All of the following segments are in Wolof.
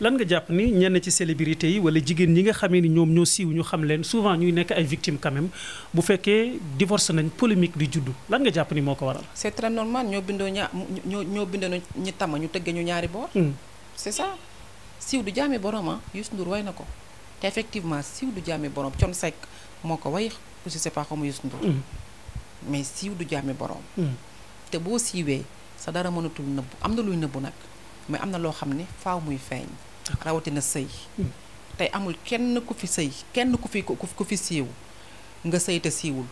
lan nga jàpp ni ñenn ci célébrité yi wala jigéen ñi nga xamee ni ñoom ñoo siiw ñu xam leen souvent ñuy nekk ay victimes quand bu fekkee divorce nañ polémique di juddu lan nga jàpp ni moo ko waral. c'est très normal ñoo bindoo ña ñoo ñoo bindoo ñi tam ñu tëggee ñaari boor. Hmm. c'est ça siiw du jaami borom ah. Youssou Ndour way na ko te effectivement siiw du jaami borom Thione Seck moo ko way aussi c'est pas comme Youssou Ndour. Hmm. mais siiw du jaami borom. Hmm. te boo siiwee sa dara mënatul nëbbu am na luy nëbbu nag mais am na loo xam ne faaw muy feeñ. rawatina sëy tey amul kenn ku fi sëy kenn ku fi ku fi siiw nga sëy te siiwul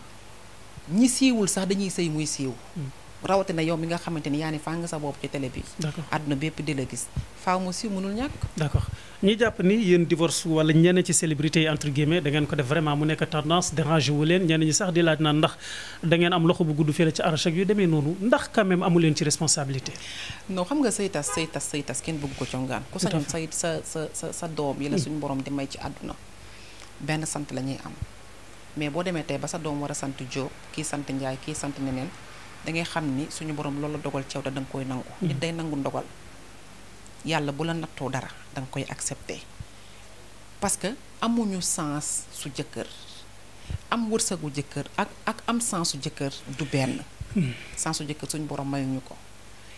ñi siiwul sax dañuy sëy muy siiw hmm. rawatina yow mi nga xamante ni yaa ni faa nga sa bopp ci télé bi àdduna bépp di la gis faaw mu siiw mënul ñàkk ñu jàpp ni yéen divorce wala ñeneen ci célébrité yi entre guillemets da ngeen ko def vraiment mu nekk tendance dérangé wu leen ñeneen ñi sax di laaj naan ndax dangeen am loxo bu gudd fële ci arach ak yu demee noonu ndax quand même leen ci responsabilité. non xam nga say tas say tas say tas kenn bugg ko congaan ku sañoon say sa sa sa sa doom yi hmm. suñu borom di may ci àdduna benn sant la ñuy am mais boo demee tey ba sa doom war a sant Diop kii sant Ndiaye kii sant neneen da ngay xam ni suñu borom loolu dogal ceew da nga koy nangu. Hmm. day nangu ndogal. yàlla bu la nattoo dara danga koy accepter parce que amuñu sens su jëkkër am wërsëgu jëkkër ak ak am sens jëkkër du benn hmm. sens su jëkkër suñu borom mayuñu ko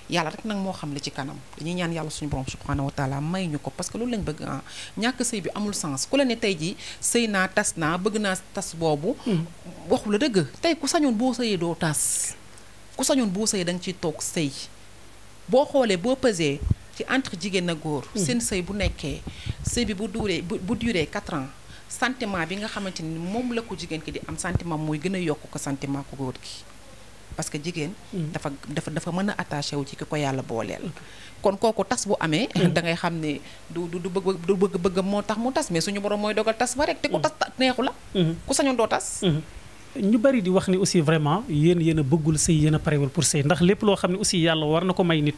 yàlla rek nag moo xam li ci kanam dañuy ñaan yàlla suñu borom subhanahu mayuñu taala ko parce que loolu lañ bëgg ah ñàkk sëy bi amul sens ku la ne tey jii sëy naa tas naa bëgg naa tas boobu. Hmm. waxu la dëgg tey ku sañoon boo sëyee doo tas ku sañoon boo sëyee da nga ciy toog sëy boo xoolee boo pesee ci entre jigéen ak góor. Hmm. seen sëy bu nekkee sëy bu duuree bu duree quatre ans sentiment bi nga xamante ni moom la ko jigéen ki di am sentiment mooy gën a yokk ko santiment ko góor gi parce que jigéen. Hmm. dafa dafa dafa mën a attaché wu ci ki ko yàlla booleel. kon kooku tas bu amee. Hmm. da ngay xam ne du du bëgg du bëgg bëgg moo tax mu tas mais suñu borom mooy dogal tas ba rek. te ku tas neexu la. ku sañoon doo tas. ñu bari di wax ni aussi vraiment yéen yéen a bëggul sëy yéen a parewul pour sëy ndax lépp loo xam ne aussi yàlla war na ko may nit.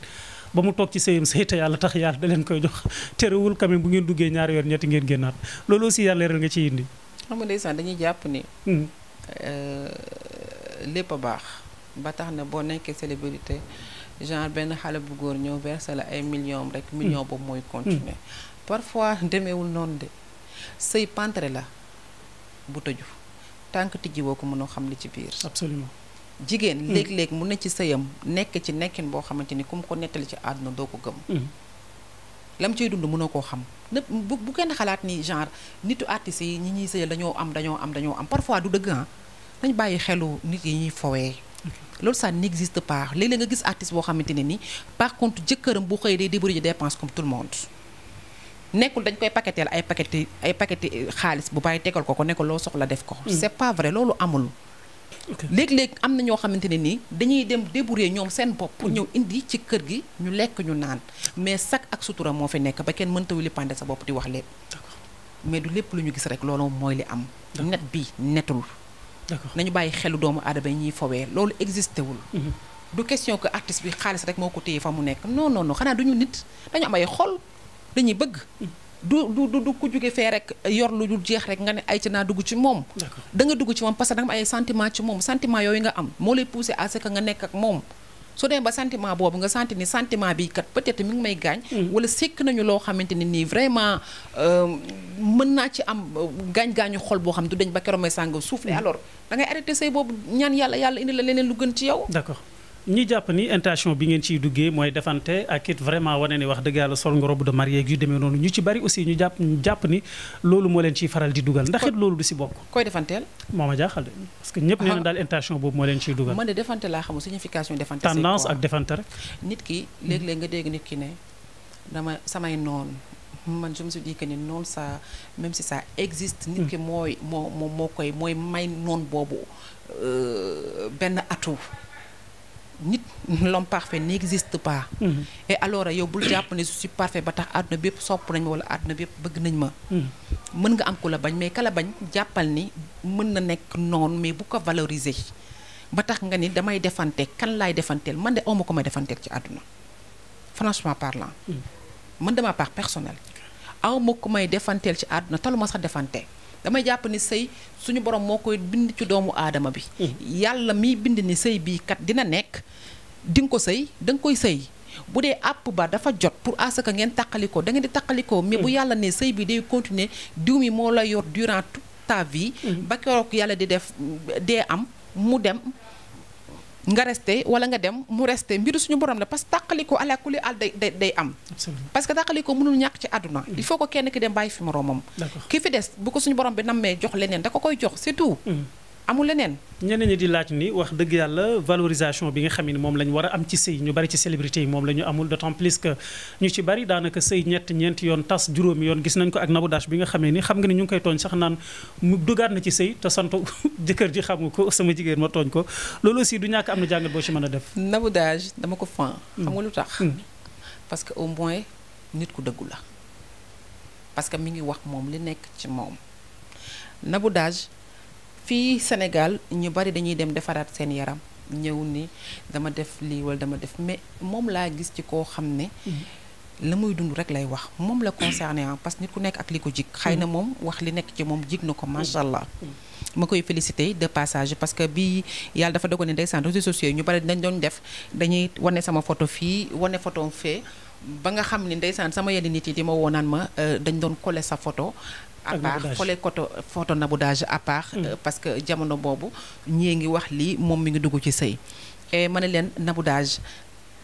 ba mu toog ci sëyam sëy te yàlla tax yàlla da leen koy jox terewul quand même bu ngeen duggee ñaari weer ñetti ngeen génnaat loolu aussi yàlla leeral nga ci indi. xam nga ndeysaan jàpp ni. Hmm. Euh, a baax ba tax na boo nekkee célébrité genre benn xale bu góor ñëw versé la ay millions rek. Hmm. million boobu mooy continuer. Hmm. parfois demeewul noonu de sëy pantre la bu tëju tànk tijji woo ko mënoo xam li ci biir. absolument. jigéen mm. léeg-léeg mu ne ci sëyam nekk ci nekkin boo xamante ni ku mu ko nettali ci àdduna doo ko gëm mm. lam ciy dund mënoo koo xam nëpp bu bu kenn xalaat ni genre nitu artistes yi ñi ñuy sëyal dañoo am dañoo am dañoo am parfois du dëgg ah nañ bàyyi xelu nit yi ñuy fowee loolu ça n'existe paax léeg-léeg nga gis artiste boo xamante ne ni par contre jëkkëram bu xëy day débrouiller dépense comme tout le monde nekkul dañ koy paqueteel ay paquet ay paquet xaalis bu bàyyi tegal ko ko nekk loo soxla def ko mm. c'est loolu amul léeg-léeg am na ñoo xamante ne nii dañuy dem débrouiller ñoom seen bopp pour mm. ñëw indi ci kër gi ñu lekk ñu naan mais sac ak sutura moo fi nekk ba kenn mënta wili pande sa bopp di wax lépp mais du lépp lu ñu gis rek loolu mooy li am net bi netul nañu bàyyi xelu doomu aadama yi ñuy fowee loolu existé wul mm-hmm. du question que artiste bi xaalis rek moo ko téye fa mu nekk non non non xanaa duñu nit dañu am ay xol dañuy bëgg mm. du du du ku jóge fee rek yor lu dul jeex rek nga ne ay ci naa dugg ci moom danga dugg ci moom parce que da nga am ay sentiment ci moom sentiment yooyu nga am moo lay poussé à ce que nga nekk ak moom su dee ba boobu nga senti ni sentiment bi kat être mi ngi may gaañ hmm. wala sekk nañu loo xamante ne nii vraiment euh, mën naa ci am euh, gaañ-gaañu xol boo xam du dañ ba keroog may sàng suuf le hmm. alors da ngay arrêté say boobu ñaan yàlla yàlla indi la leneen lu gën ci yow d'accord ñi jàpp ni intention bi ngeen ciy duggee mooy defante ak it vraiment wane ni wax dëgg yàlla sol nga robe de mariée yu demee noonu ñu ci bari aussi ñu jàpp jàpp ni loolu moo leen ciy faral di dugal ndax it loolu du si bokk. koy defanteel. moo ma jaaxal de parce que ñëpp nee na daal intention boobu moo leen ciy dugal. man de defante laa xamul signification ak defante rek. nit ki léeg leen nga dégg nit ki ne dama samay noon man je me suis dit que ni noonu ça même si ça existe. nit hmm. mooy moo moo koy mooy may noonu boobu euh, benn atout. nit l'homme parfait n'existe pas mm-hmm. et alors yow bul jàpp ne je suis parfait ba tax àdduna bépp sopp nañ ma wala àdduna bépp bëgg nañ ma mm-hmm. mën nga am ku la bañ mais kala bañ jàppal ni mën na nekk noon mais bu ko valoriser ba tax nga ni damay defante kan laay defanteel man de awma ko may defanteel ci àdduna franchement parlant mm-hmm. man de ma personnel personnelle awma ko may defanteel ci àdduna taluma sax defante damay jàpp ni sëy suñu borom moo koy bind ci doomu aadama bi. Mm-hmm. yàlla miy bind ni sëy bii kat dina nekk di nga ko sëy da nga koy sëy. bu dee àpp ba dafa jot pour asaka ngeen taqalikoo da ngeen di taqalikoo mais bu mm-hmm. yàlla ne sëy bi dee continuer diw mi moo la yor durant toute ta mm-hmm. ba keroog yàlla di def dee am mu dem. nga resté wala nga dem mu resté mbiru suñu borom la parce que tàqalikoo ala kulli àll day day day am parce que tàqalikoo mënul ñàkk ci àdduna mm. il faut que kenn ki dem bàyyi fi moroomam ki fi des bu ko suñu borom bi nam nammee jox leneen da ko koy jox c'est amul leneen. ñeneen ñi di laaj ni wax dëgg yàlla valorisation bi nga xam ni moom la ñu war a am ci sëy ñu bari ci célébrité yi moom la amul amul d'autant plus que ñu ci bari daanaka sëy ñett ñeenti yoon tas juróomi yoon gis nañ ko ak Nabou Dash bi nga xamee ni xam nga ni ñu koy tooñ sax naan mu dugaat na ci sëy te sant jëkkër ji xam nga ko sama jigéen ma tooñ ko loolu aussi du ñàkk am na jàngat boo ci mën a def. Nabou dama ko fan. Mm. xam nga lu tax. Mm. parce que au moins nit ku dëggu la parce que mi ngi wax moom li nekk ci moom Nabou fii Sénégal ñu bari dañuy dem defaraat seen yaram ñëw ni dama def lii wala dama def mais moom laa gis ci koo xam ne mm-hmm. la muy dund rek lay wax moom la concerné ah, parce que nit ku nekk ak li ko jig mm-hmm. xay na moom wax li nekk ci moom jig na ko macha allah mm-hmm. ma koy félicité de passage parce que bii yàlla dafa dogal ne ndeysaan réseaux sociaux yi ñu bari dañ doon def dañuy wane sama photo fii wane photo fee ba nga xam ne ndeysaan sama yenn nit yi di ma woo naan ma euh, dañ doon collé sa photo à part fole photo nabudage à part parce que jamono boobu ñii ngi wax lii moom mi ngi dugg ci sëy e ma ne leen nabudage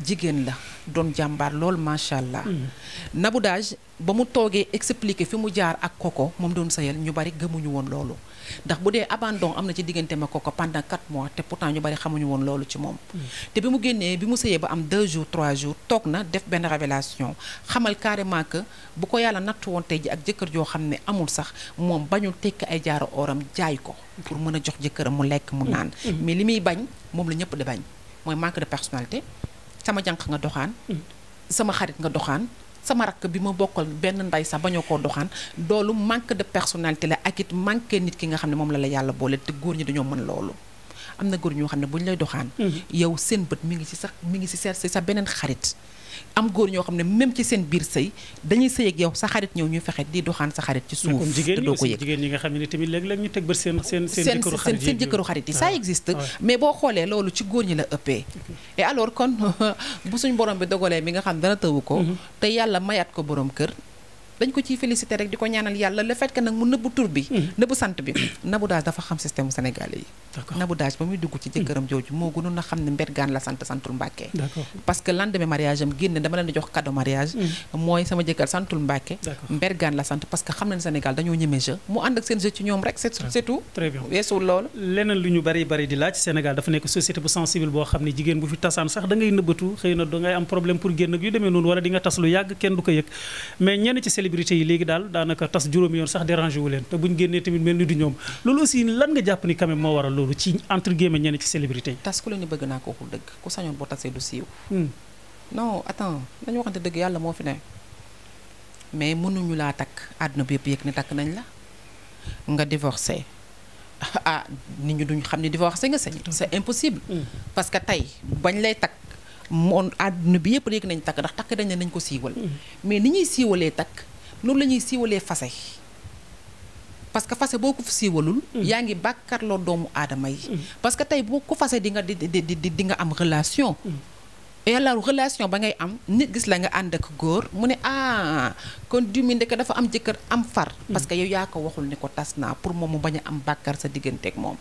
jigéen la doon jàmbaar lool macha allah. Mm. Nabou ba mu toogee expliqué fi mu jaar ak koko moom doon sayal ñu bari gëmuñu woon loolu ndax bu dee abandon am na ci diggante ma koko pendant 4 mois te pourtant ñu bari xamuñu woon loolu ci moom. Mm. te bi mu génnee bi mu sëyee ba am 2 jours 3 jours toog na def benn révélation xamal carrément que bu ko yàlla nattu woon tey ji ak jëkkër joo xam ne amul sax moom bañul tekki ay jaaru oram jaay ko. pour mën a jox jëkkëram mu lekk mu naan. Mm. mais li muy bañ moom la ñëpp di bañ mooy manque de personnalité. sama jànq nga doxaan mm. sama xarit nga doxaan sama rakk bi ma bokkal benn nday sax bañoo ko doxaan doolu manque de personnalité la ak it manqué nit ki nga xam ne moom la la yàlla boole te góor ñi dañoo mën loolu am na góor ñoo xam ne bu ñu lay doxaan mm-hmm. yow seen bët mi ngi ci sax mi ngi ci seet si sa beneen xarit am góor ñoo xam ne même ci seen biir sëy dañuy sëy ak yow sa xarit ñëw ñu fexe di doxaan sa xarit ci ah, suuf te doo ko yëg jigéen ñi nga xam ne tamit léeg-léeg ñu teg bët seen seen seen seen jëkkëru xarit yi ah, ça existe ah. mais boo xoolee loolu ci góor ñi la ëppee et alors kon bu suñ borom bi dogalee mi nga xam dana tëwu ko mm-hmm. te yàlla mayaat ko borom kër dañ ko ciy félicité rek di ko ñaanal yàlla le fait nag mu nëbbu tur bi mm-hmm. nëbbu sant bi Nabou Dash dafa xam système sénégalais yi Nabou Dash ba muy dugg ci jëkkëram mm-hmm. jooju moo gënoon a xam ne mbergaan la sant santul Mbàkke parce que lendemain mariage am génne dama mm-hmm. bari bari di laaj Sénégal dafa nekk société bu sensible boo xam ne jigéen bu fi tasaan sax da ngay nëbbatu xëy na da ngay am problème pour génn yu demee noonu wala di tas lu yàgg kenn du ko yëg célébrité yi léegi daal daanaka tas juróomi yoon sax dérangé leen te buñ génnee tamit mel ni du ñoom loolu aussi lan nga jàpp ni quand moo waral loolu ci entre guillemets ñenn ci célébrité tas ku leen ni bëgg naa ko waxul dëgg ku sañoon boo tasee du siiw hmm. non attends dañu waxante dëgg yàlla moo fi ne mais mënuñu laa takk àdduna bi yëpp yëg ne takk nañ la nga divorcé ah ni ñu duñ xam ne divorcé nga sañ c'est impossible hmm. parce que tey bañ lay takk moom àdduna bi yëpp yëg nañ takk ndax takk dañ ne nañ ko siiwal hmm. loolu la ñuy siiwalee fase parce que fase boo ko siiwalul. Mm. yaa ngi bàkkaarloo doomu aadama yi. Mm. parce que tey boo ko fase di nga di di di nga am relation. Mm. et alors relation ba ngay am nit gis la nga ànd ak góor mu ne ah kon du mi ndeke dafa am jëkkër am far. parce que yow yaa ko waxul ne ko tas naa pour moom mu bañ a am bàkkaar sa diggante digganteeg moom.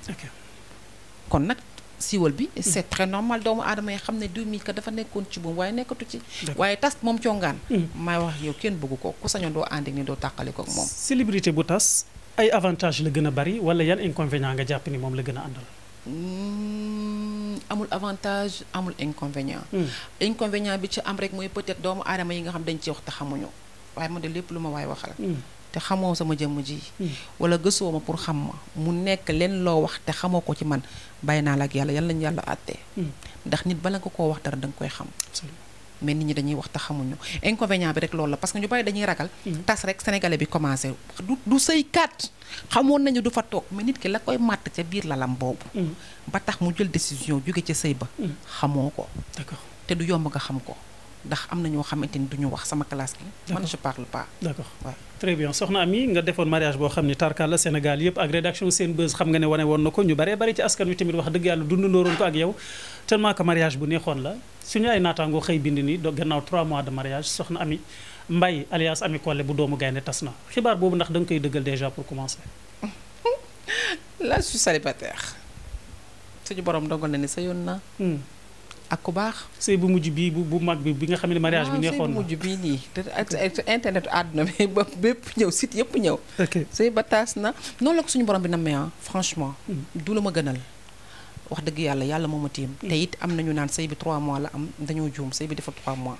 kon nag. siwal bi c'est très normal doomu aadama yi xam ne 2000 ka dafa nekkoon ci moom waaye nekkatu ci waaye tas moom congaan maay hmm. wax yow kenn bëggu ko ku sañoon doo ànd ak ni doo tàqali ko moom célébrité bu tas ay avantage la gën a bari wala yan inconvénient nga jàpp ni moom la gën a àndal hmm, amul avantage amul inconvénient hmm. inconvénient bi ci am rek mooy peut-être doomu aadama yi nga xam dañ ci wax te xamuñu waaye man de lépp lu ma waay waxal te xamoo sama jëmm ji. Hmm. wala gësoo ma pour xam ma mu nekk leen loo wax te xamoo ko ci man bàyyi naa la ak yàlla yàlla nañu yàlla àtte. Hmm. ndax nit bala nga koo wax dara da nga koy xam. ma nit ñi dañuy wax te xamuñu inconvénient bi rek loolu la parce que ñu bari dañuy ragal. Hmm. tas rek sénégalais bi commencé du du sëykat xamoon nañu du fa toog mais nit ki la koy màtt ca biir lalam boobu. ba tax mu jël décision jóge ca sëy ba. xamoo ko. d'accord te du yomb nga xam ko ndax am na ñoo xamante ni duñu wax sama classe bi. man je parle pas. d'accord waaw. très bien soxna am yi nga defoon mariage boo xam ni tarkal la Sénégal yëpp ak rédaction seen buzz xam nga ne wane woon na ko ñu baree bari ci askan wi tamit wax dëgg yàlla dundandóoroon ko ak yow tellement que mariage bu neexoon la suñu ay naataangoo xëy bind ni do gannaaw 3 mois de mariage soxna ami Mbaye alias Ami Collé bu doomu gaynde tas na xibaar boobu ndax da nga koy dëggal déjà pour commencer là je suis célibataire suñu borom dogal na ni sa ak ku baax. sëy bu mujj bii bu bu mag bi bi nga xam ne mariage bi. neexoon na waaw bu mujj bii nii te internet àdduna bi ba bépp ñëw site yëpp ñëw. ok sëy ba taas na noonu la ko suñu borom bi na ah franchement. Hmm. du la ma gënal. wax dëgg yàlla yàlla moom ma tiim. Hmm. te it am na ñu naan sëy bi 3 mois la am dañoo juum sëy bi dafa 3 mois.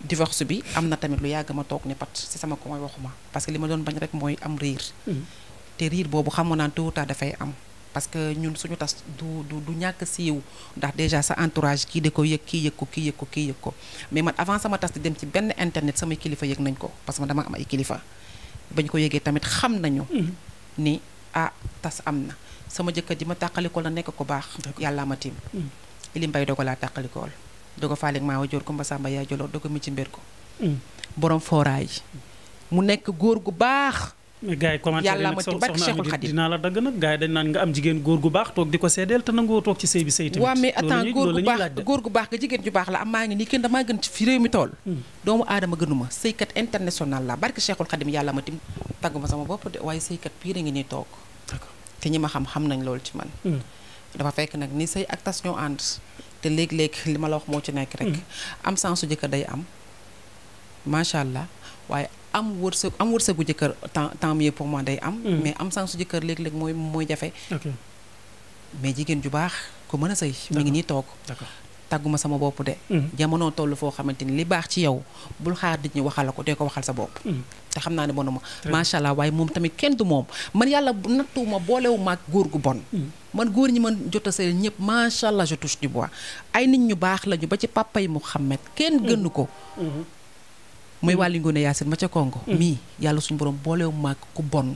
divorce bi am na tamit lu yàgg ma toog ne pat si sama ko mooy waxuma parce que li ma doon bañ rek mooy am riir. Hmm. te riir boobu xamoon naa dafay am. parce que ñun suñu tas du du du ñàkk siiw ndax déjà sa entourage kii de ko yëg kii yëg ko kii yëg ko kii yëg ko mais man avant sama tas di dem ci benn internet samay kilifa yëg nañ ko parce que man dama am ay kilifa bañ ko yëgee tamit xam nañu mhm. ni ah tas am na sama jëkkër ji ma tàqalikool na nekk ko baax yàllaa ma tiim mhm. ili mbay dogo laa tàqalikool dogo faalik maa wa joor ko mba sàmba yaay joloo dogo mi ci mbir ko mhm. borom fooraay mu nekk góor gu baax mais gars yi commentaire dañ naan nga am jigéen góor gu baax toog di ko seedeel te nangoo toog ci sëy bi sëy tamit waaw mais attends góor gu baax nga jigéen ju baax la am maa ngi nii kenn damaa gën ci fi réew mi tool hmm. doomu aadama gënuma sëykat international la barke Cheikhul Khadim yàlla ma tim tagguma sama bopp de waaye sëykat pire ngi nii toog te ñi ma xam xam nañ loolu ci man hmm. dafa fekk nag ni sëy ak tas ñoo ànd te léegi léeg li ma la wax moo ci nekk rek hmm. am sensu jëkkër day am macha allah am wërsëg am wërsëgu jëkkër tant tant mieux pour moi day am. Mm. mais am sansu jëkkër léeg-léeg mooy mooy jafe. mais jigéen ju baax ko mën a sëy mi ngi nii toog. tàgguma sama bopp de. Mm. jamono toll foo xamante ni li baax ci yow bul xaar nit ñi la ko dee ko waxal sa bopp. Mm. te naa ne bonuma macha allah waaye moom tamit kenn du moom man yàlla nattuwuma boolewuma ak góor gu bon. man góor ñi man jot a ñëpp macha allah je touche du bois ay nit ñu baax lañu ba ci papa yi Muhammad kenn gënu ko. Mm-hmm. mooy mm. wàlli yaasin ma ca Congo mm. mii yàlla suñu borom boolewu maag ku bon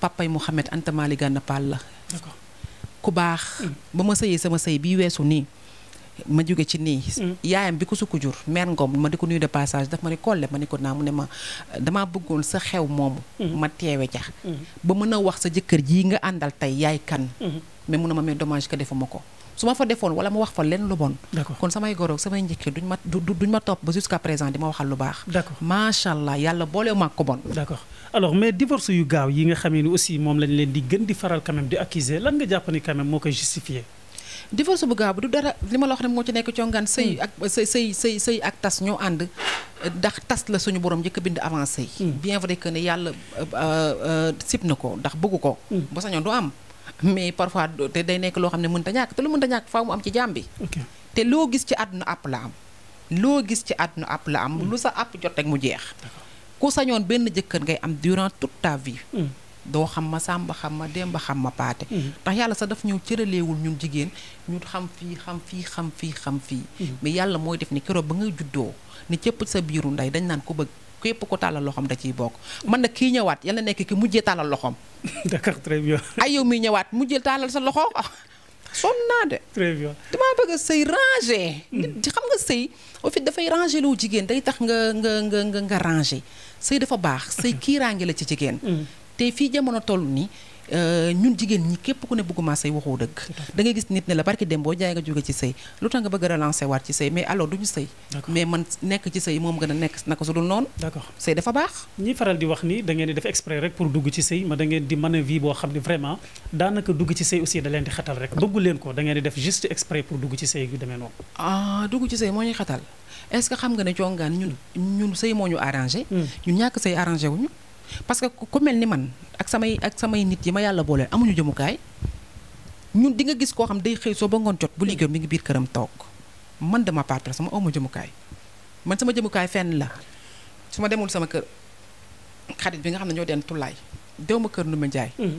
papay Mouhamed Anta Mali Gana Paal la ku baax mm. ba ma sëyee sama sëy bii weesu nii ma jóge ci nii yaayam bi ko sukku jur mère Ngom ma di ko nuyu de passage daf ma ne kolle ma ni ko naa mu ne ma damaa bëggoon sa xew moomu ma teewe jax ba mën a wax sa jëkkër jii nga àndal tey yaay kan mais mun na ma mais dommage que defuma ko su ma fa defoon wala ma wax fa lenn lu bon kon samay goroog samay njëkkee duñ ma duñ ma topp ba jusqu'à présent di ma waxal lu baax d'accord macha allah yàlla boolewu ma ko bon d'accord alors mais divorce yu gaaw yi nga xam ne aussi moom lañ leen di gën di faral quand di accuser lan nga jàpp ni quand même moo koy justifier divorce bu gaaw bi du dara li ma la wax ne moo ci nekk congaan sëy hmm. ak sëy sëy sëy ak tas ñoo ànd ndax tas la suñu borom njëkk bind avancé hmm. bien vrai que ne yàlla euh, euh, euh, sib na ko ndax bëgg ko hmm. ba sañoon du am mais parfois te day nekk loo xam ne mënta ñàkk te lu mënta ñàkk faaw mu am ci jaam bi. te loo gis ci àdduna àpp la am. loo gis ci àdduna àpp la am. Hmm. lu sa àpp jot rek mu jeex. ku sañoon benn jëkkër ngay am durant toute ta vie. Hmm. doo xam ma sàmba xam ma démba xam ma paate. Hmm. ndax yàlla sa daf ñëw cëraleewul ñu jigéen ñu xam fii xam fii xam fii xam fii. mais yàlla mooy def ni keroog ba ngay juddoo ni cëpp sa biiru ndey dañ naan ko bëgg. képp ku tàllal loxoom da ciy bokk man na kii ñëwaat yal na nekk ki mujjee tàllal loxoom. d'accord très ay yow mii ñëwaat mujjee tàllal sa loxo ah, sonn naa de. très bien damaa bëgg a sëy ranger. nit xam nga sëy au fait dafay ranger lu jigéen day tax nga nga nga nga ranger sëy dafa baax. sëy kiiraange la ci jigéen. Mm. te fii jamono toll nii. Euh, ñun jigéen ñi képp ku ne bëgguma sëy waxoo dëgg da ngay gis nit ne la barki dem boo jaay nga jóge ci sëy lu tax nga bëgg a relancer waat ci sëy a nekk wax ni da ngeen di dugg ci sëy ma da ngeen a vie boo xam ne vraiment daanaka leen di xatal rek bëggu leen ko da ngeen di def juste exprès pour dugg ci ah, moo ñuy xatal est xam nga ne congaan ñun ñun sëy moo ñu arrangé hmm. ñun ñàkk sëy arrangé wuñu parce que ku mel ni man ak samay ak samay nit yi ma yàlla boole amuñu jëmukaay ñun di nga gis koo xam day xëy soo ba ngoon jot bu liggéey mi ngi biir këram toog man dama part sama aw ma jëmukaay man sama jëmukaay fenn la su ma demul sama kër xarit bi nga xam ne ñoo den tullaay dew ma kër Ndoumbé Ndiaye. Mhm.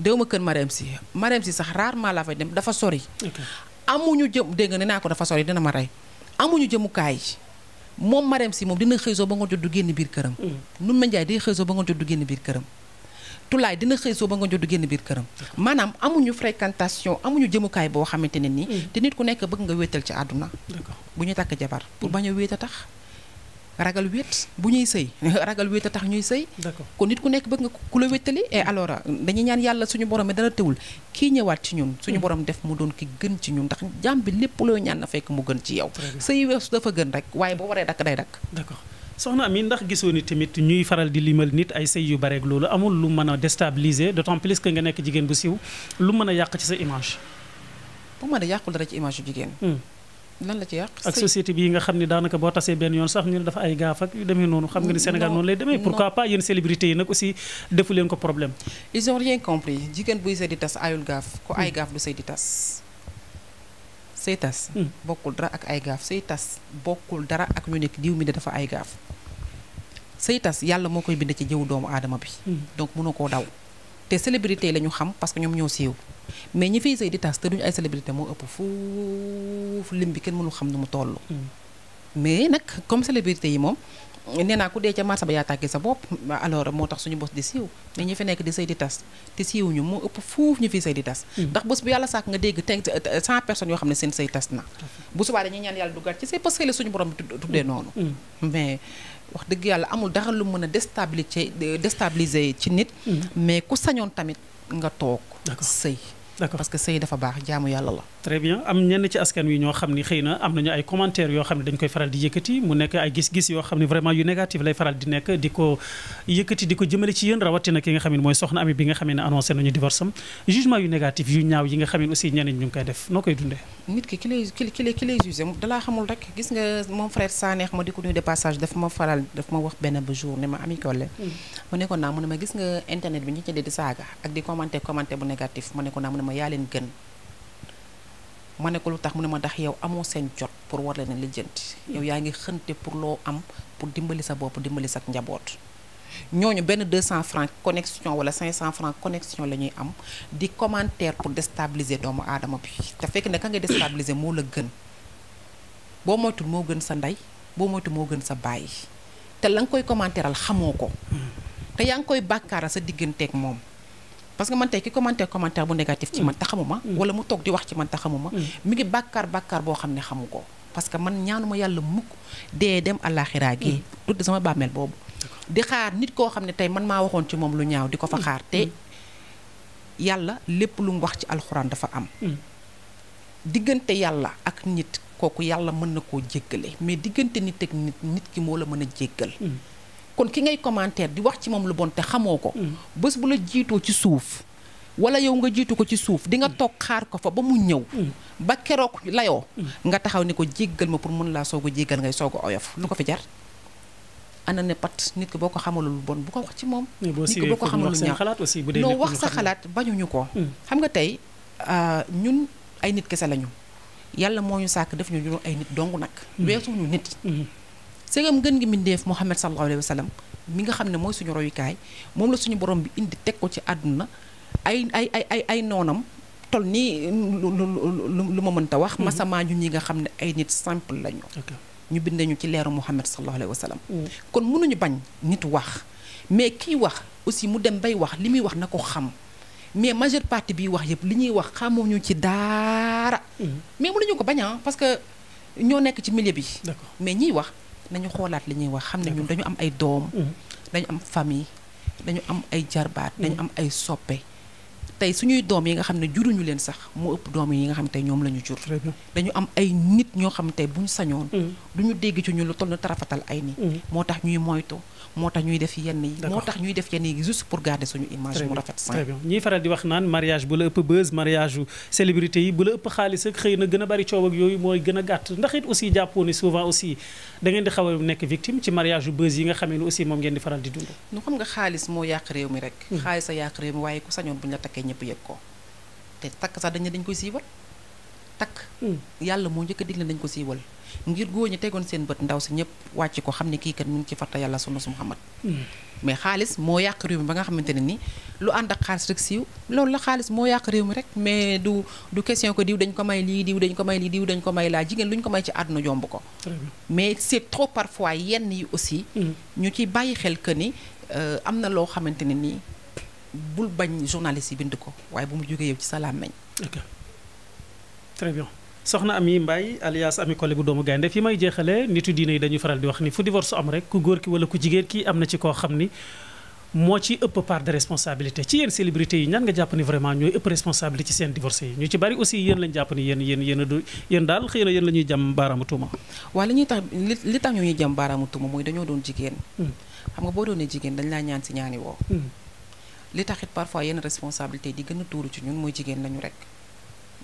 dew ma kër Marème si Marème si sax rarement laa fay dem dafa sori. amuñu jëm dégg nga ne naa ko dafa sori dina ma rey amuñu jëmukaay. moom Marème si moom dina xëy soo ba nga jot du génn biir këram. Ndoumbé mm. Ndiaye day xëy soo ba nga jot du génn biir këram. Tulaay dina xëy soo ba nga jot du génn biir këram. maanaam amuñu fréquentation amuñu jëmukaay boo xamante ne nii. Mm. te nit ku nekk bëgg nga wéetal ci àdduna. bu ñu tàkk jabar pour mm. ba a wéet a tax. ragal wéet bu ñuy sëy ragal wéet a tax ñuy sëy kon nit ku nekk bëgg nga ko ku la wéttali et mm-hmm. alors euh, dañuy ñaan yàlla suñu borom mi dara teewul kii ñëwaat ci ñun suñu mm-hmm. borom def mu doon ki gën ci ñun ndax jàmm bi lépp loo ñaan na fekk mu gën ci yow sëy weesu dafa gën rek waaye boo waree dakk day dakk d'accord soxna Ami ndax gisoo ni tamit ñuy faral di limal nit ay sëy yu bareeg loolu amul lu mën a déstabiliser d'autant plus que nga nekk jigéen bu siiw lu mën a yàq ci sa image bu mën a yàqul dara ci image yu jigéen mm. lan la ci ak société bi nga xam ne daanaka boo tasee benn yoon sax ñu ne dafa ay gaaf ak yu noonu xam nga ni Sénégal noonu lay demee pourquoi pas yéen célébrité yi nag aussi defu leen ko problème ils ont rien jigéen buy sëy di tas ayul gaaf ku hmm. ay gaaf du sëy di tas sëy tas hmm. bokkul dara ak ay gaaf sëy tas bokkul dara ak ñu nekk diw mi de dafa ay gaaf sëy tas yàlla moo koy bind ci jëwu doomu aadama bi hmm. donc mënoo koo daw te célébrité la ñu xam parce que ñoom ñoo siiw mais ñi fiy sëy di tas te duñu ay célébrité moo ëpp fuuf lim bi kenn mënu xam nu mu toll. Mm. mais nag comme célébrité yi moom nee naa ku dee ca marché ba yaa tàggee sa bopp alors moo tax suñu bos di siiw mais ñi fi nekk di sëy di tas te siiw ñu moo ëpp fuuf ñu fiy sëy di tas. Mm. ndax bés bu yàlla sàkk nga dégg teg cent person yoo xam ne seen sëy tas na. bu subaa dañuy ñaan yàlla duggaat ci sëy parce que suñu wax dëgg yàlla amul dara lu mën a déstabiliser déstabiliser ci nit mm-hmm. mais ku sañoon tamit nga toog sëy d'accord parce que sëy dafa baax jaamu yàlla la. très bien am ñenn ci askan wi ñoo xam ni xëy na am nañu ay commentaires yoo xam ne dañu koy faral di yëkkati mu nekk ay gis-gis yoo xam ne vraiment yu négatif lay faral di nekk di ko yëkkati di ko jëmale ci yéen rawatina ki nga xam mooy soxna Ami bi nga xam ne nañu divorce jugement yu négatif yu ñaaw yi nga xam aussi ñeneen ñu ngi koy def noo koy dundee. nit ki ki lay ki lay ki dalaa xamul rek ma yaa leen gën ma ne ko lu tax mu ne ma ndax yow amoo seen jot pour war leen lijjanti yow yaa ngi xënte pour loo am pour dimbali sa bopp dimbali sa njaboot ñooñu benn 200 francs connexion wala 500 francs connexion la ñuy am di commentaire pour déstabiliser doomu aadama bi te fekk ne ka nga déstabiliser moo la gën boo moytul moo gën sa ndey boo moytul moo gën sa bàyyi te la nga koy commentaire al xamoo ko mm. te yaa ngi koy bàkkaaral sa diggante ak moom parce que man tey ki commenté commentaire bu négatif ci man mm. taxamuma mm. wala mu toog di wax ci man taxamuma mm. mi ngi bàkkaar bàkkaar boo xam ne xamu ko parce que man ma yàlla mukk dee dem àllaaxiraa gi tudd sama bàmmeel boobu di xaar nit koo xam ne tey man maa waxoon ci moom lu ñaaw di ko fa xaar te yàlla lépp lu wax ci alxuraan dafa am diggante yàlla ak nit kooku yàlla mën na koo jéggale mais diggante nit ak nit nit ki moo la mën a jéggal kon ki ngay commentaire di wax ci moom lu bon te xamoo ko. Mm. bés bu la jiitoo ci suuf. wala yow nga jiitu ko ci suuf di nga mm. toog xaar ko fa ba mu ñëw. Mm. ba keroog layoo. nga taxaw ni ko jéggal ma pour mën laa soog a jéggal ngay soog a oyof lu ko fi jar. ana ne pat nit ko boo ko xamalul bon bu ko wax ci moom. nit ko boo ko xamalul ñaaw noo wax sa xalaat bañuñu ko. xam nga tey euh, ñun ay nit kese lañu. yàlla moo ñu sàkk def ñu ay nit dong nag. weesuñu nit. sëgam gën ngi mbindeef Muhammad sallallahu alayhi wa sallam mi nga xam ne mooy suñu royukaay moom la suñu borom bi indi teg ko ci àdduna ay ay ay ay ay noonam tol nii lu ma mënta wax mhm. masamaa ñun ñi nga xam ne ay nit simple lañu ñu bind ñu ci leeru Muhammad sallallahu alayhi wa sallam mhm. kon mënuñu bañ nit wax mais kiy wax aussi mu dem bay wax li muy wax na ko xam mais majeure partie bi wax yëpp li ñuy wax xamuñu ci daara mhm. mais mënuñu ko bañ ah, parce que ñoo nekk ci milieu bi mais wax nañu xoolaat li ñuy wax xam ne ñun dañu am ay doom mm-hmm. dañu am famille dañu am ay jarbaat dañu mm-hmm. am ay soppe tey suñuy doom yi nga xam ne juruñu leen sax moo ëpp doom yi nga xam ne ñoom la ñu jur dañu am ay nit ñoo xam ne tey bu ñu sañoon mm. du ñu dégg ci ñu lu toll na tarafatal ay ni mm. moo tax ñuy moytu moo tax ñuy def yenn yi moo tax ñuy def yenn yi juste pour garder suñu image mu naan mariage bu la ëpp yi bu la ëpp xaalis xëy na gën a bari coow yooyu mooy gën a gàtt ndax it aussi jàppoo ne souvent a nekk ne aussi moom ngeen di faral di dund ñu xam nga xaalis moo yàq réew mi rek mm. xaalis a yàq réew mi waaye ku sañoon bu la takkee ñëpp yëg ko te takk sax dañ ne dañ koy siiwal takk hmm. yàlla moo njëkk a digle nañ ko siiwal ngir goo ñi tegoon seen bët ndaw si ñëpp wàcc ko xam ne kii kat mu ngi ci farta yàlla sunu su Muhammad hmm. mais xaalis moo yàq réew mi ba nga xamante ne ni lu ànd ak xaalis rek siiw loolu la xaalis moo yàq réew mi mais du du question que diw dañ ko may lii diw dañ ko may lii diw dañ ko may laa jigéen lu ñu ko may ci àdduna jomb ko mais c'est trop parfois yenn yi aussi hmm. ñu ci bàyyi xel que ni euh, am na loo xamante ne nii bul bañ journaliste yi bind ko waaye bu mu jógee yow ci sa làmmiñ ok très bien soxna Ami Mbaye alias Ami Collé bu doomu gaynde fi may nit nitu diine yi dañuy faral di wax ni fu divorce am rek ku góor ki wala ku jigéen ki am na ci koo xam ni moo ci ëpp part de responsabilité ci yéen célébrité yi ñan nga jàpp ni vraiment ñooy ëpp responsabilité ci seen divorce yi ñu ci bari aussi yéen lañ jàpp ni yéen yéen yéen a du yéen daal xëy na yéen la ñuy jàmm baaraamu tuuma waaw ñuy tax tax ñoo ñuy jàmm baaraamu tuuma mooy dañoo doon jigéen hmm. xam nga boo doonee jigéen dañ laa ñaan si ñaani li taxit parfois yenn responsabilité di gën a tuuru ci ñun mooy jigéen lañu rek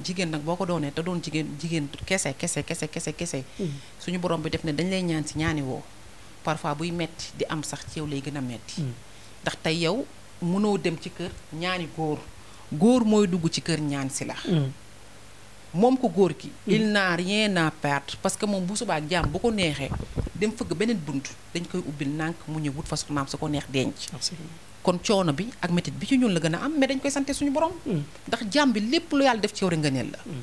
jigéen nag boo ko doonee te doon jigéen jigéen kese kese kese kese kese mm-hmm. suñu borom bi def ne dañ lay ñaan si ñaani woo parfois buy metti di am sax ci yow lay gën a metti mm-hmm. ndax tey yow mënoo dem ci kër ñaani góor góor mooy dugg ci kër ñaan si la mm-hmm. moom ko góor ki il n'a rien na perdre parce que moom bu subaak jàmm bu ko neexee dem fëgg beneen bunt dañ koy ubbil nànk mu ñëw wut fa soxnaam ko neex denc kon coono bi ak métit bi ci ñun la gën a am mais dañ koy sante suñu borom. Mm. ndax jàmm bi lépp lu yàlla def ci yow rek ngëneel la. Mm.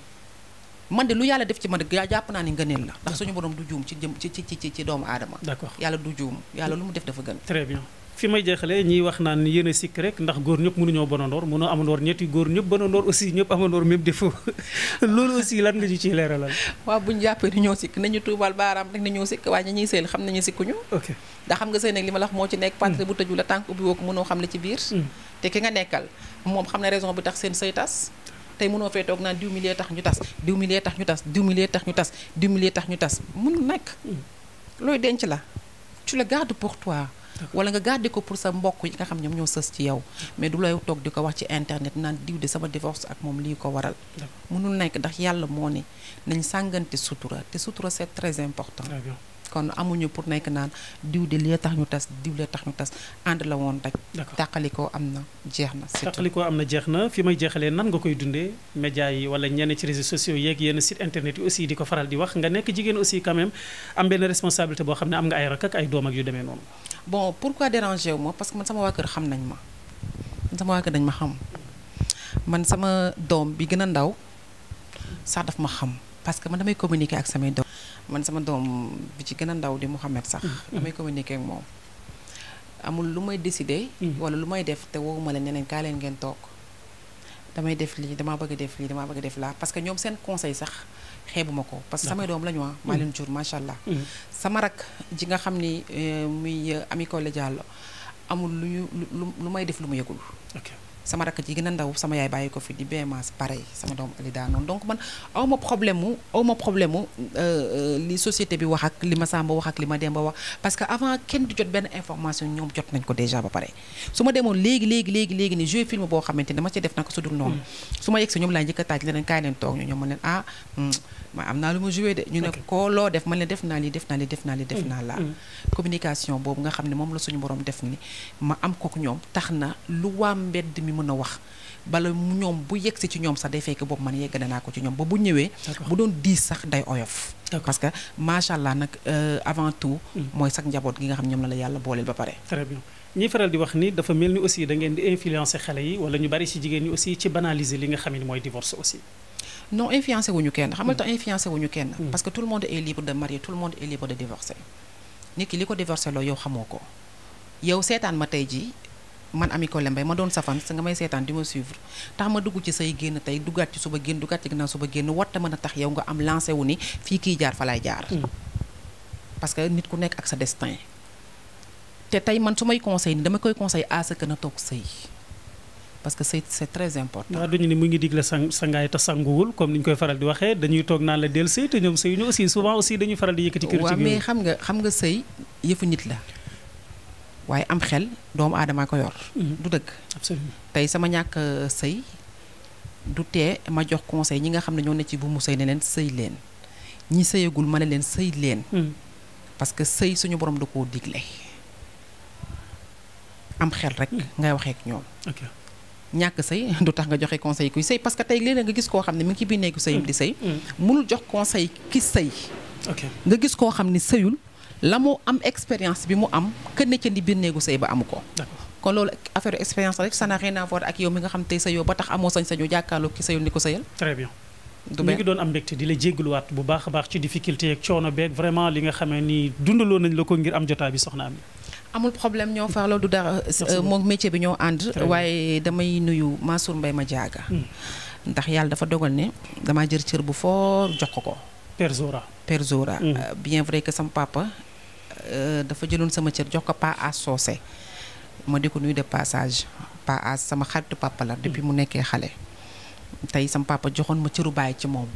man de lu yàlla def ci man rek jàpp naa ne ngëneel la. ndax suñu borom du juum ci jëm ci ci ci doomu aadama. d'accord yàlla du juum yàlla lu mu def dafa gën. très fi may jeexalee ñiy wax naan yéen a sikk rek ndax góor ñëpp mënuñoo bonandoor mënoo amandoor ñetti góor ñëpp bonandoor aussi ñëpp amandoor même défaut loolu aussi lan nga ñu ciy leeralal. waaw bu ñu jàppee ni ñoo sikk nañu tuubal baaraam rek nañoo sikk waaye ñi ñuy sëy xam nañu sikkuñu. ndax xam nga sëy nag li ma la moo ci nekk. Hmm. pancré bu tëju la tànk ubbi woo ko xam li hmm. moom xam na raison bi tax seen sëy tas. tey mënoo fee toog naan diw mi lee tax ñu tas diw mi lee tax ñu tas diw mi lee tax ñu tas diw mi tax ñu tas mun nekk hmm. looy denc la tu le gardes pour toi wala nga garder ko pour sa mbokk yi nga xam ñoom ñoo sës ci yow mais du lay toog di ko wax ci internet naan diw de sama divorce ak moom lii ko waral mënul nekk ndax yàlla moo ne nañ sàngante sutura te sutura c'est très important kon amuñu pour nekk naan diw de lee tax ñu tas diw lee tax ñu tas ànd la woon rek. tàqalikoo am na jeex na. surtout tàqalikoo am na jeex na fi may jeexalee nan nga koy dundee média yi wala ñenn ci réseaux sociaux yeeg yenn site internet yi aussi di ko faral di wax nga nekk jigéen aussi quand même am benn responsabilité boo xam ne am nga ay rakk ak ay doom ak yu deme noonu. bon pourquoi déranger wu ma parce que man sama waa kër xam nañ ma man sama waa kër dañ ma xam man sama doom bi gën a ndaw sax daf ma xam parce que man damay communiquer man sama doom bi ci gën a ndaw di Mouhamed sax. Mm-hmm. damay communiquer ak moom. amul lu may décider. Mm-hmm. wala lu may def te woowuma leen ne leen kaa leen ngeen toog. damay def lii damaa bëgg def lii damaa bëgg def laa parce que ñoom seen conseil sax xeebuma ko. parce que samay doom lañu ñu ah. maa leen jur macha allah. Mm-hmm. sama rak ji nga xam ni euh, muy euh, ami collège Diallo amul lu ñu lu may def lu mu yëgul. sama rakk ji gën a ndaw sama yaay bàyyi ko fi di BMAS pareil sama doom Alida noonu donc man aw problème mu problème euh, euh, li société bi wax ak li ma Samba wax ak li ma Demba wax parce que avant kenn du jot benn information ñoom jot nañ ko déjà ba pare su ma demoon léegi léegi léegi léegi ni film boo xamante ne dama ci def naka hmm. ma yegg si kaay leen toog ñoom ma leen ah hmm, ma am naa lu ma joué de ñu ne ko loo def man leen def naa lii def naa lii def naa lii def hmm. naa laa communication nga xam ne moom la suñu borom def ni am kook ñoom tax na mën a wax bala ñoom bu yegsi ci ñoom sax day fekk boobu man yegg naa ko ci ñoom ba bu ñëwee bu doon diis sax day oyof parce que allah nag euh, avant tout mm. mooy sax njaboot gi nga xam ñoom la yàlla booleel ba pare très faral di wax ni dafa mel ni aussi da di influencer xale yi wala ñu bari ci jigéen ñi aussi ci banaliser li nga xam ne mooy divorce aussi non influencé wuñu kenn xam nga tax mm. influencé wuñu kenn mm. parce que tout le monde est libre man Ami Collé Mbaye ma doon sa fan sa nga may seetaan di ma suivre tax ma dugg ci say génn tey duggaat ci suba génn duggaat ci ginnaaw suba génn watta a tax yow nga am lancé wu ni fii kii jaar fa jaar hmm. parce que nit ku nekk ak sa destin te tey man su may conseil ni koy conseil à ce que na toog sëy parce que c'est c'est très important. waaw duñu ni mu ngi digle sangaay te sanguwul comme ni ñu koy faral di waxee dañuy toog naan la del sëy te ñoom sëy ñu aussi souvent aussi dañuy faral di yëkkati. critique yooyu waaw mais xam nga xam nga sëy yëfu nit la. waaye am xel doomu aadama ko yor. Mhm. du dëgg. absolument tey sama ñàkk euh, sëy du tee ma jox conseil ñi nga xam ne ñoo ne ci bu mu sëy ne leen sëy leen ñi sëyagul ma ne leen sëy leen. Mhm. parce que sëy suñu borom du ko digle. am xel rek mhm. ngay waxee ak ñoom. ñàkk sëy du tax nga joxe conseil kuy sëy parce que tey léeg nga gis koo xam ne mi ngi ci biir néegu sëyam di sëy. mënul jox conseil ki sëy. nga gis koo xam ne sëyul. la mu am expérience bi mu am kenn ca ni biir néegu say ba amu ko. kon loolu affaire expérience rek ça n'a rien à voir ak yow mi nga xam tey sa yow ba tax amoo sañ-sañu jàkkaarloo ki ko sayal. très bien. du ñu ngi doon bu baax baax ci difficulté ak coono beeg vraiment li nga xamee ni dundaloo nañ la ko ngir am jotaay bi soxna am amul problème ñoo far loolu du dara euh, moom métier bi ñoo ànd waaye damay nuyu Mansour Mbaye ma jaaga hmm. ndax yàlla dafa dogal ne damaa jër cër bu foor jox ko ko Père Zora Père Zora hmm. euh, bien vrai que sam papa Euh, dafa jëloon sama cër jox ko Pa As Socé ma di ko nuyu de passage Pa sama xaritu papa la depuis mu nekkee xale tey sama papa joxoon ma cëru bàyyi ci moom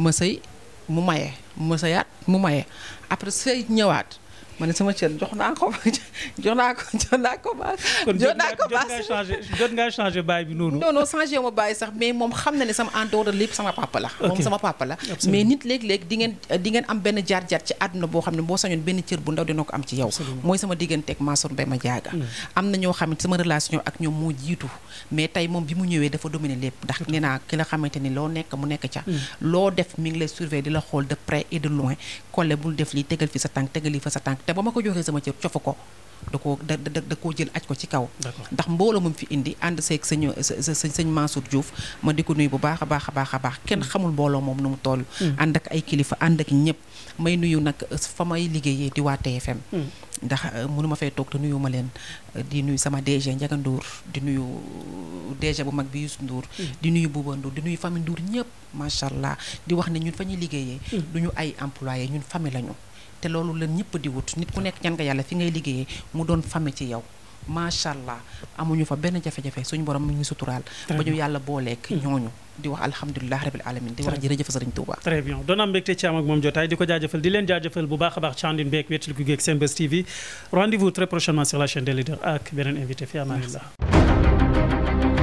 ma sëy mu maye ma sëyaat mu maye après sëy ñëwaat ma ne sama cër jox naa ko jox naa ko jox naa ko baas. jox naa ko baas kon jot ngaa changé jot ngaa changé baay bi noonu. non non changé ma baay sax mais moom xam na ne sama en dehors de lépp sama papa la. moom sama papa la. mais nit léeg-léeg di ngeen di ngeen am benn jaar-jaar ci àdduna boo xam ne boo sañoon benn cër bu ndaw dina ko am ci yow. mooy sama digganteeg Mansour Mbaye Madiaga. Hmm. am na ñoo xam ne sama relation ak ñoom moo jiitu mais tey moom bi mu ñëwee dafa dominer lépp ndax nee naa ki la xamante ni loo nekk mu nekk ca. Hmm. loo def mi ngi lay surveiller di la xool de près et de loin Collé bul def lii tegal fi sa tànk tegal lii fa sa tànk te ba ma ko joxee sama cër cofu ko da koo da da da koo jël aj ko ci kaw ndax mbooloo moom fi indi ànd seeg sëñ sëñ Mansour Diouf ma di ko nuyu bu baax a baax a baax a baax kenn mm. xamul mbooloo moom nu mu toll mm. ànd ak ay kilifa ànd ak ñëpp may nuyu nag fa may liggéeyee di waa TFM mm. ndax euh, mënu ma toog te nuyu ma leen di nuyu sama DG Ndiaga di nuyu DG bu mag bi Youssou Ndour di nuyu Bouba Ndour di nuyu famille Ndour ñëpp macha allah di wax ne ñun fa ñuy liggéeyee du ñu ay employé ñun famille lañu te loolu leen ñëpp di wut nit ku nekk ñaan nga yàlla fi ngay liggéeyee mu doon famille ci yow macha allah amuñu fa benn jafe-jafe suñu borom mu ngi suturaal. ba ñu yàlla booleek hmm. ñooñu. di wax alhamdulilah rabil alamin di wax jërëjëf sëriñ Touba. doon am mbégte ci am ak moom jotaay di ko jaajëfal di leen jaajëfal bu baax a baax ci àndin beeg wettali gu geeg Senbuzz TV rendez-vous très prochainement sur la chaîne des leaders ak beneen invité fi amaanillah